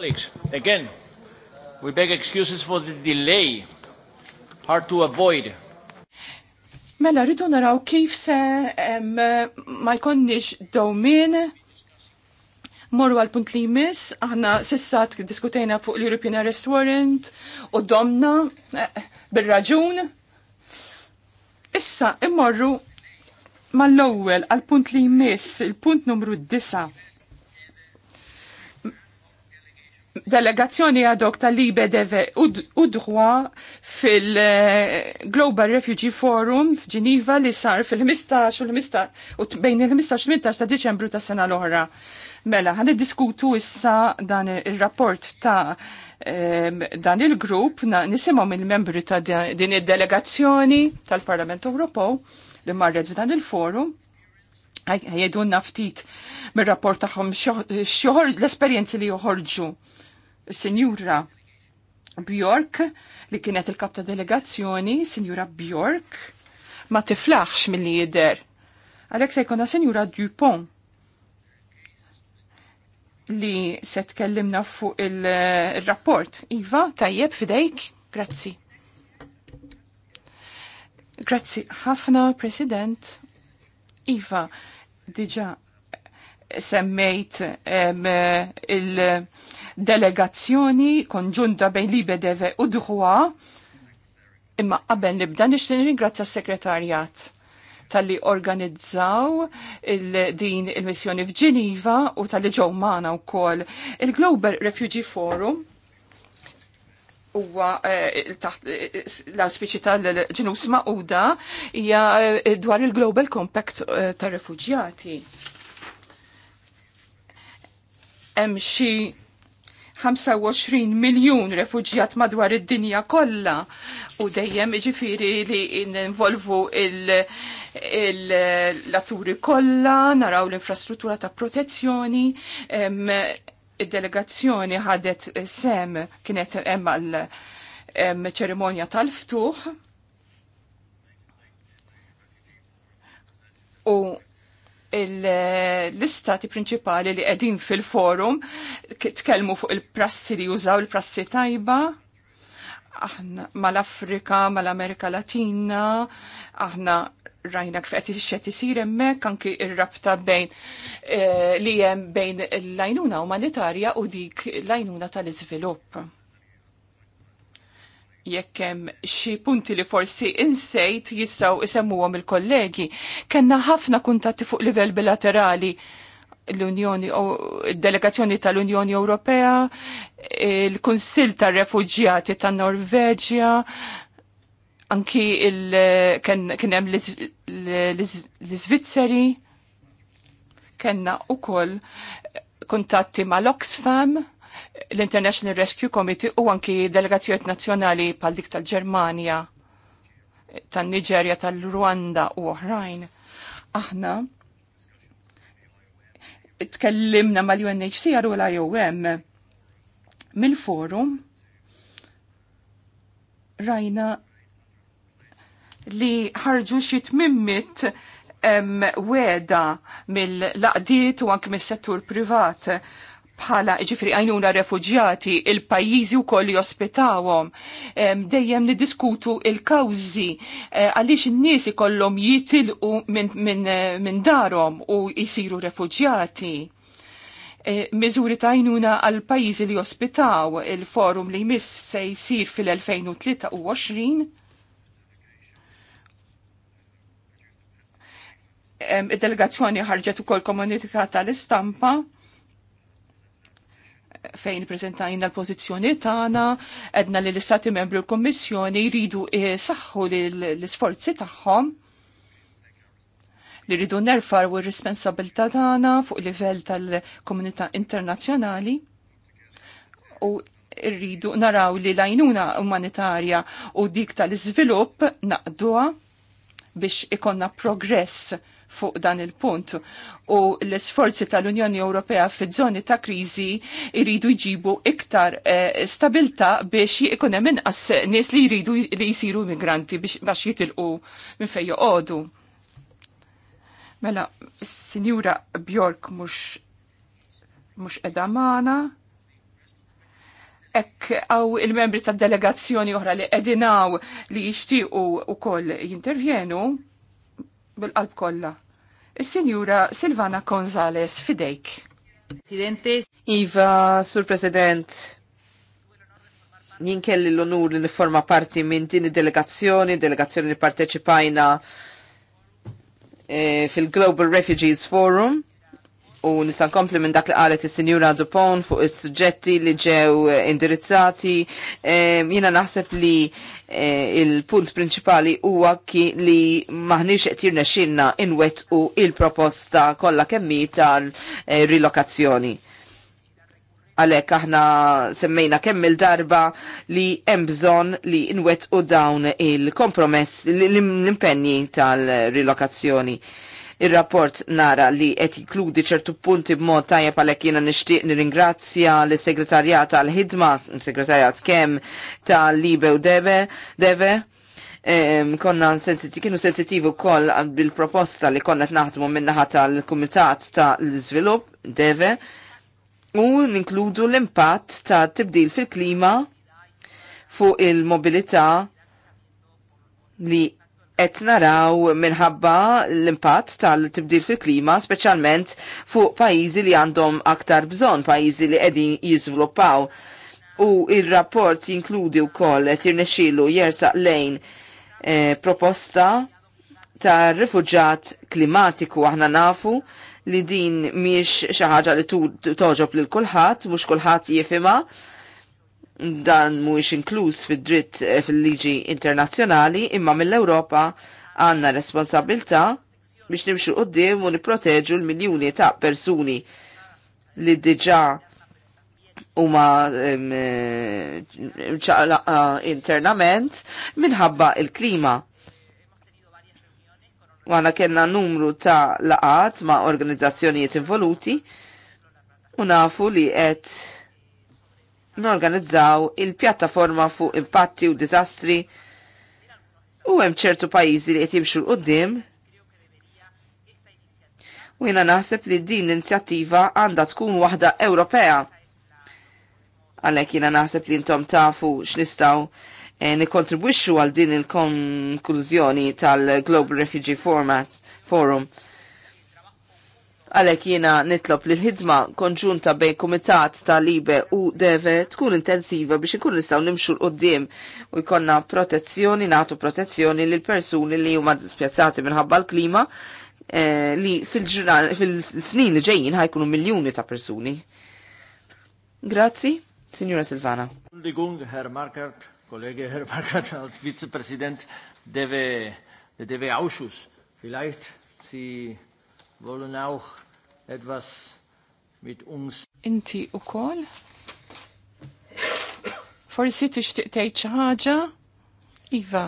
Colleagues, again, we beg excuses for the delay. Hard to avoid. Mela, rridu naraw kif se ma jkonniex dawmin morru għal punt li jmiss, aħna sissat diskutejna fuq l-European Arrest Warrant u domna eh, bil-raġun. Issa, immorru mal-ewwel għal punt li jmiss, il-punt numru 9 delegazzjoni għadok tal-Libe deve udħwa fil-Global eh, Refugee Forum f'Ġiniva li sar fil-15 u l-15 bejn il-15 15 ta' Deċembru ta' sena l-oħra. Mela, għan diskutu issa dan il-rapport ta' dan il-grupp nisimgħu mill-membri ta' din id-delegazzjoni tal-Parlament Ewropew li marret f'dan il-forum ħajedunna ftit mir-rapport tagħhom l-esperjenzi li joħorġu Sinjura Bjork, li kienet il-kap ta' delegazzjoni, Sinjura Bjork, ma tiflaħx mill-li jider. Għalek se jkonna Sinjura Dupont li se tkellimna fuq il-rapport. Iva, tajjeb fidejk, grazzi. Grazzi ħafna, President. Iva, diġa semmejt il- delegazzjoni konġunta bejn Libe Deve u Dħua. Imma qabel nibda nixtieq ringrazzja s-sekretarjat tal-li organizzaw il din il-missjoni f'Ġiniva u tal-li ġew magħna wkoll. Il-Global Refugee Forum huwa eh, eh, l-auspiċi tal-ġinus Mauda hija eh, dwar il-Global Compact tar-Refuġjati. Hemm xi 25 miljun refuġjat madwar id-dinja kollha u dejjem iġifiri li involvu l-atturi kollha, naraw l-infrastruttura ta' protezzjoni, id-delegazzjoni ħadet sem kienet hemm għal ċerimonja tal-ftuħ. U l-istati prinċipali li qegħdin fil-forum tkellmu fuq il-prassi li jużaw il-prassi tajba aħna mal-Afrika, mal-Amerika Latina, aħna rajna kif qed ixxed isir hemmhekk anke ir rabta bejn eh, li hemm bejn l-lajnuna umanitarja u dik l-lajnuna tal-iżvilupp jekk hemm xi punti li forsi insejt jistgħu isemmuhom il-kollegi. Kenna ħafna kuntatti fuq livell bilaterali l-Unjoni delegazzjoni tal-Unjoni Ewropea, il-Kunsill tar-Refuġjati tan-Norveġja, anki kien hemm l-Iżvizzeri, kenna ukoll kuntatti mal-Oxfam l-International Rescue Committee u anki delegazzjoniet nazzjonali pal dik tal-Ġermanja, tan-Niġerja, tal-Rwanda u oħrajn. Aħna tkellimna mal-UNHCR u l-IOM mill-forum rajna li ħarġu xi tmimmit weda mill-laqdiet u anke mis-settur privat bħala ġifri għajnuna refugjati il-pajjiżi u koll jospitawhom. Dejjem niddiskutu il-kawżi eh, għaliex in-nies ikollhom jitilqu minn eh, darhom u jisiru refugjati. Eh, miżuri ta' għajnuna għal pajjiżi li jospitaw il-forum li jmiss se jsir fil-2023 id-delegazzjoni ħarġet ukoll komunitika tal-istampa fejn prezentajna l-pozizjoni tagħna, edna li l-Istati membri u l-Kommissjoni jridu eh, saħħu l-isforzi tagħhom li rridu nerfar u r-responsabilta tagħna fuq livell tal-komunità internazzjonali u rridu naraw li l-għajnuna umanitarja u dik tal-iżvilupp naqduha biex ikonna progress fuq dan il-punt u l-sforzi tal-Unjoni Ewropea fiż-żoni ta' kriżi jridu jġibu iktar eh, stabilta biex jikun hemm inqas nies li jridu li jsiru migranti biex jitilqu minn fejn joqogħdu. Mela, Sinjura Bjork mhux mhux qiegħda magħna ek għaw il-membri tad delegazzjoni oħra li edinaw li jishtiqu u koll jintervjenu, bil-qalb kollha. il sinjura Silvana Gonzales fidejk. Presidente. Iva, Sur President, jien kelli l-onur li niforma parti minn din delegazzjoni, delegazzjoni li parteċipajna eh, fil-Global Refugees Forum u nistan kompli minn dak li qalet is-Sinjura Dupont fuq is-suġġetti li ġew eh, indirizzati. Jina Jiena naħseb li eh, il-punt prinċipali huwa ki li maħniex qed jirnexxinna inwet u il-proposta kollha kemmi tal-rilokazzjoni. Għalhekk aħna semmejna kemm il-darba li hemm bżonn li inwet u dawn il-kompromess l impenni tal-rilokazzjoni. Ir-rapport nara li qed jinkludi ċertu punti b'mod tajjeb għalhekk jiena nixtieq nirringrazzja l segretarjat għal ħidma segretarjat kemm ta' Libe u Deve, Um, konna sensitivi, kienu sensitivi koll bil-proposta li konna naħdmu minnaħa tal-Kumitat tal-Zvilup, deve, u ninkludu l-impatt ta' tibdil fil-klima fuq il-mobilità li qed naraw minħabba l-impatt tal-tibdil fil-klima, speċjalment fuq pajjiżi li għandhom aktar bżonn, pajjiżi li qegħdin jiżviluppaw. U il rapport jinkludi wkoll qed jirnexxielu jersaq lejn e, proposta ta' rifuġġat klimatiku aħna nafu li din miex xi ħaġa li toġob lil kulħadd, mhux kulħadd jifima dan mhuwiex inkluż fid-dritt eh, fil-liġi internazzjonali imma mill-Ewropa għandna responsabilta biex nimxu qoddim u nipproteġu l-miljuni ta' persuni li diġà huma eh, ċaqlaqa internament minħabba il-klima. Għana kena numru ta' laqat ma' organizzazzjonijiet involuti u nafu li qed norganizzaw il-pjattaforma fuq impatti u dizastri u hemm ċertu pajjiżi li qed jimxu l-qudiem u jiena naħseb li din l-inzjattiva għandha tkun waħda Ewropea. Għalhekk jiena naħseb li intom tafu x'nistgħu eh, nikkontribwixxu nikontribwixxu għal din il-konklużjoni tal-Global Refugee Format Forum. Għalek jina nitlob li l-ħidma konġunta bejn komitat ta' libe u deve tkun intensiva biex ikun nistaw nimxu l-qoddim u jkonna protezzjoni, natu protezzjoni l persuni li huma dispjazzati minħabba l-klima eh, li fil-snin fil li ġejjin ħajkunu miljoni ta' persuni. Grazzi, Signora Silvana. Ligung, Herr Markert, kollegi Herr Markert, als Vizepresident deve, deve Ausschuss, vielleicht Sie wollen auch etwas mit uns. Inti u kol? Forsi tixtieq tgħid xi ħaġa? Iva.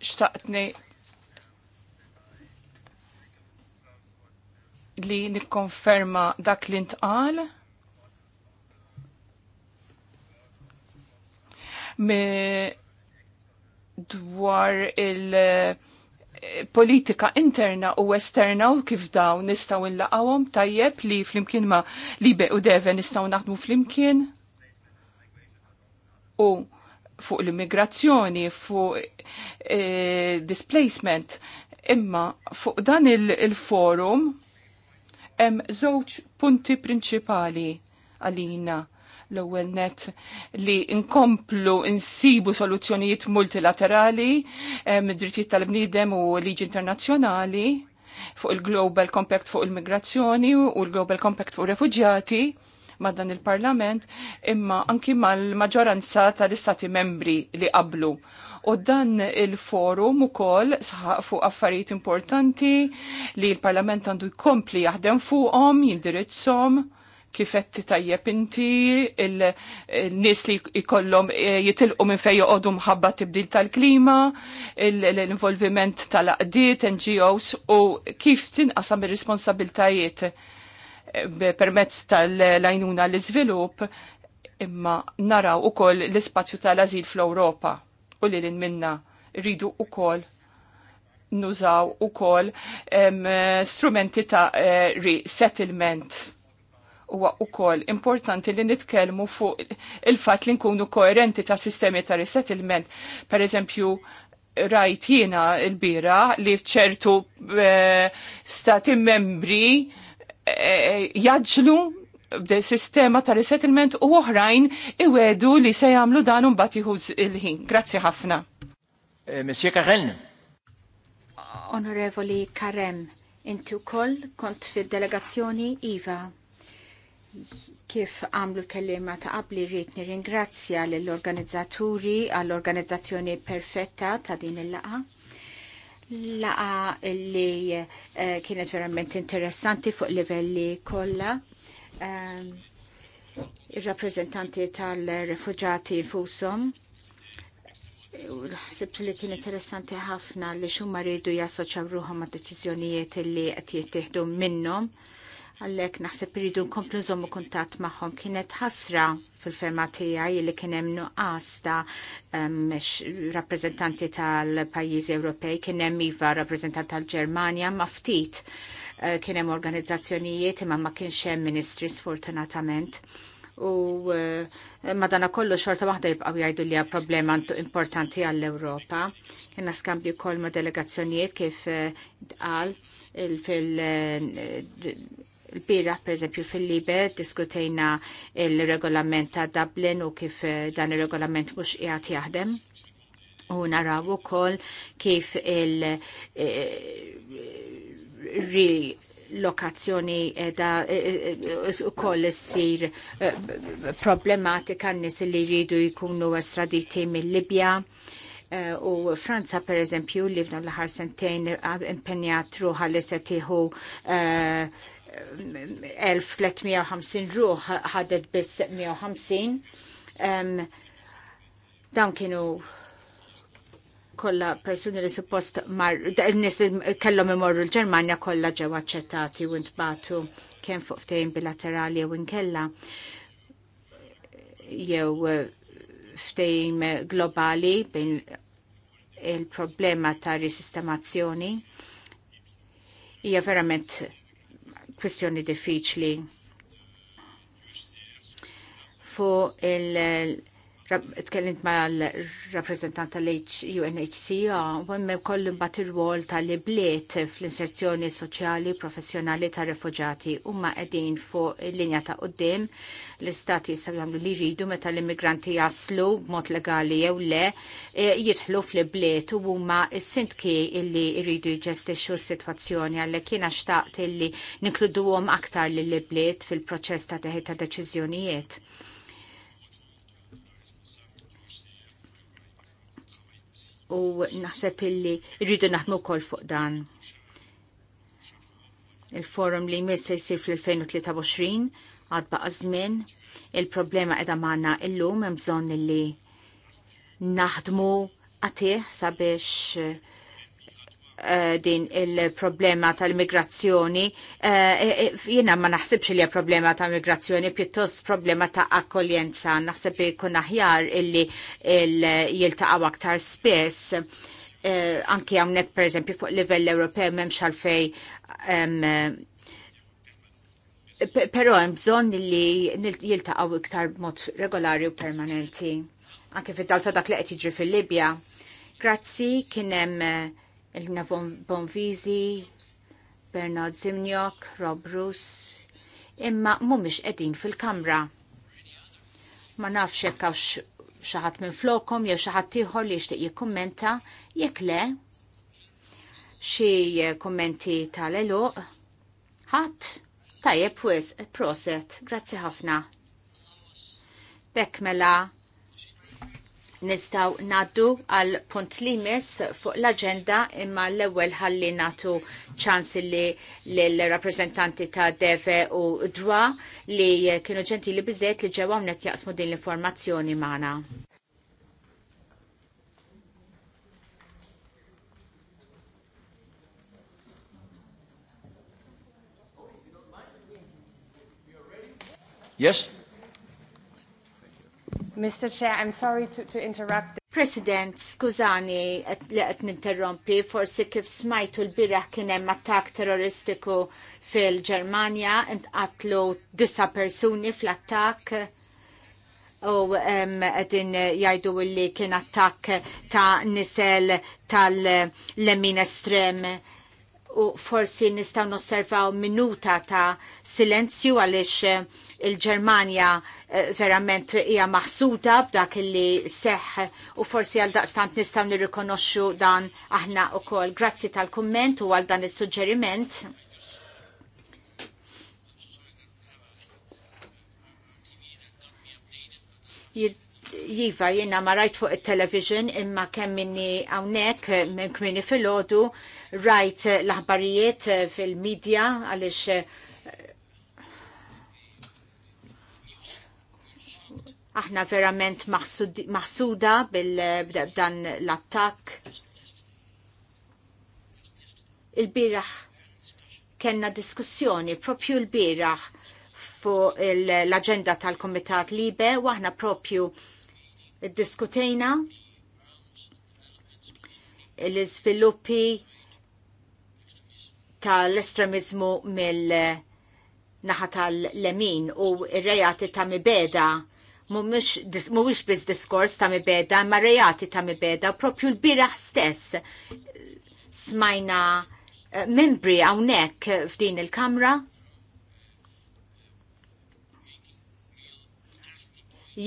Xtaqtni li nikkonferma dak li ntqal. Me dwar il- eh, politika interna u esterna u kif daw nistaw nlaqawhom tajjeb li flimkien ma li u deve nistaw naħdmu flimkien u fuq l-immigrazzjoni, fuq eh, displacement, imma fuq dan il-forum il hemm żewġ punti prinċipali għalina l-ewwel net li nkomplu insibu soluzzjonijiet multilaterali eh, mid-drittijiet tal-bniedem u liġi internazzjonali fuq il-Global Compact fuq il-migrazzjoni u l-Global Compact fuq refugjati ma' dan il-Parlament imma anki mal-maġġoranza tal-istati membri li qablu u dan il-forum u kol sħaq fuq affarijiet importanti li l-Parlament għandu jkompli jaħdem fuqhom, jindirizzhom kifet tajjeb inti il-nis li jkollhom e, jitilqu minn fejn joqogħdu mħabba tibdil tal-klima, l-involviment tal-aqdiet, NGOs u kif tinqasam ir-responsabiltajiet e, permezz tal-lajnuna l-iżvilupp imma naraw ukoll l-ispazju tal-azil fl-Ewropa u li l minna rridu koll nużaw ukoll strumenti ta' e, resettlement huwa ukoll importanti li nitkellmu fuq il-fatt li nkunu koerenti ta' sistemi ta' resettlement. Per eżempju, rajt jiena l-bira li fċertu eh, stati membri e, jaġlu sistema ta' resettlement u oħrajn iwedu li se jagħmlu dan imbagħad jieħu il-ħin. Grazzi ħafna. Eh, Monsieur Karen. Onorevoli Karem, inti wkoll kont fid-delegazzjoni IVA Kif għamlu kellima ta' qabli rrit nirringrazzja l-organizzaturi għall-organizzazzjoni perfetta ta' din il-laqa. Laqa li eh, kienet verament interessanti fuq livelli kollha. Ehm, Il-rappresentanti tal-refugġati fusom Sibt li kien interessanti ħafna li xumma rridu jassoċaw ruħom ma' deċizjonijiet li qed jittieħdu minnhom għallek naħseb iridu nkomplu zommu kuntatt magħhom kienet ħasra fil-ferma tiegħi li kien hemm nuqqas ta' rappreżentanti tal-pajjiżi Ewropej, kien hemm iva rappreżentant tal-Ġermanja ma ftit eh, kien hemm organizzazzjonijiet imma ma kienx hemm ministri sfortunatament u eh, madana kollu xorta waħda jibqaw jgħidu li problema importanti għall ewropa Kienna skambju kol ma delegazzjonijiet kif għal eh, fil l-bira, per eżempju, fil-Libe diskutejna il-regolament ta' Dublin u kif eh, dan il-regolament mux jgħat jaħdem. U naraw ukoll kif il- eh, lokazzjoni edha eh, koll sir problematika n-nis li jridu jkunu estraditi mill-Libja. U Franza, per eżempju, li f'dan l-ħar sentejn impenjat ruħa li se tieħu 1350 ruħ ħadet biss 150. dawn kienu kolla persuni li suppost mar, nis li kellhom imorru l-Ġermanja kollha ġew aċċettati u ntbatu kemm fuq ftehim bilaterali jew inkella jew eh, ftehim globali bejn il-problema ta' risistemazzjoni hija verament kwistjoni diffiċli fu il- tkellimt ma l-rappresentant tal unhc u ah, emme kollu mbagħad ir wol tal-ibliet fl-inserzjoni soċjali professjonali tar u huma qegħdin fuq il-linja ta' uddim l-istati jistgħu jagħmlu li jridu meta l-immigranti jaslu b'mod legali jew le e, jidħlu fl-ibliet u huma s-sintki illi jridu jġestixxu s-sitwazzjoni għalhekk jiena xtaqt illi għom aktar l ibliet fil-proċess ta' teħid ta' deċiżjonijiet u naħseb illi rridu naħdmu kol fuq dan. Il-forum li jmiss se jsir fl-2023 għad baqa' żmien il-problema qiegħda magħna illum hemm bżonn illi naħdmu għatih sabiex Eh, din il-problema tal-migrazzjoni. Eh, eh, Jena ma naħsibx li problema ta' migrazzjoni, pjuttost problema ta' akkoljenza. Naħseb li kun aħjar illi jiltaqaw aktar spess. Anki għamnek, per eżempju, fuq livell Ewropew memx għalfej Pero hemm bżonn li jiltaqgħu iktar mod regolari u permanenti. Anke fid-dal ta' dak li qed jiġri fil-Libja. Grazzi kien hemm Elina Bonvizi, Bernard Zimniok, Rob Bruce, imma mumiex edin fil-kamra. Ma nafx jekk għax xaħat minn flokom jew xaħat tiħor li jixtieq jikkummenta jekk le xi kummenti tal-eluq. Ħadd tajjeb wis proset, grazzi ħafna. Bekk mela nistaw naddu għal punt limes fuq l-agenda imma l-ewel ħalli natu ċans li l-rappresentanti ta' Deve u Dwa li kienu ġentili bizet li ġewa unnek jaqsmu din l-informazzjoni maħna. Yes? Mr. Chair, I'm sorry to, to interrupt. President, skużani li qed ninterrompi, forsi kif smajtu l-biraħ kien hemm attak terroristiku fil-Ġermanja, intqatlu disa persuni fl-attak u qegħdin jgħidu li kien attak ta' nisel tal-lemin estrem u forsi nistaw nosservaw minuta ta' silenzju għalix eh, il-Germania eh, verament hija maħsuda b'dak li seħ u forsi għal daqstant nistaw nirrikonoxxu dan aħna u kol. Grazzi tal-komment u għal dan il-suġġeriment. Jiva, jina ma rajt fuq il-television imma kemmini għawnek minn kmini fil-ħodu rajt l-aħbarijiet fil-medja għaliex aħna verament maħsuda bil-dan l-attak. Il-biraħ kena diskussjoni propju il biraħ fuq l-agenda tal-Komitat Libe u aħna propju diskutejna l-izviluppi tal-estremizmu mill-naħa tal-lemin u r-rejati ta' mibeda mhuwiex biss diskors ta' mibeda ma' rejati ta' mibeda propju l-biraħ stess smajna eh, membri hawnhekk f'din il-kamra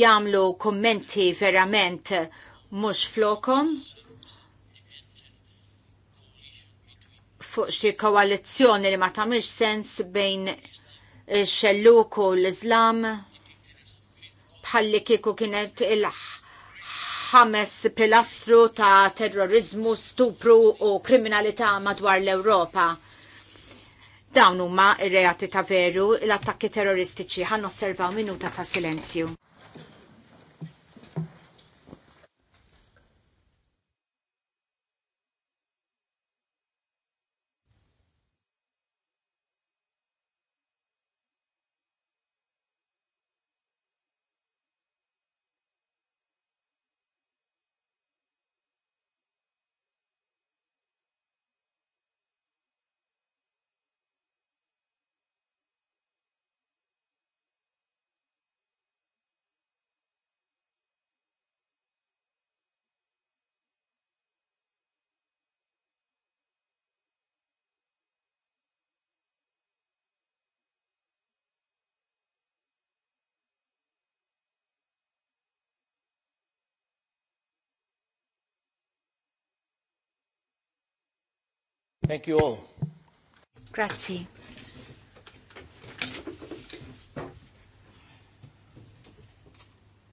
jamlu kommenti verament mhux flokom fuq xi koalizzjoni li ma tagħmilx sens bejn xelluk u l iżlam bħalli kieku kienet il-ħames pilastru ta' terrorizmu, stupru u kriminalità madwar l-Ewropa. Dawn huma r reati ta' veru l-attakki terroristiċi ħan osservaw minuta ta' silenzju. Thank you all. Grazzi.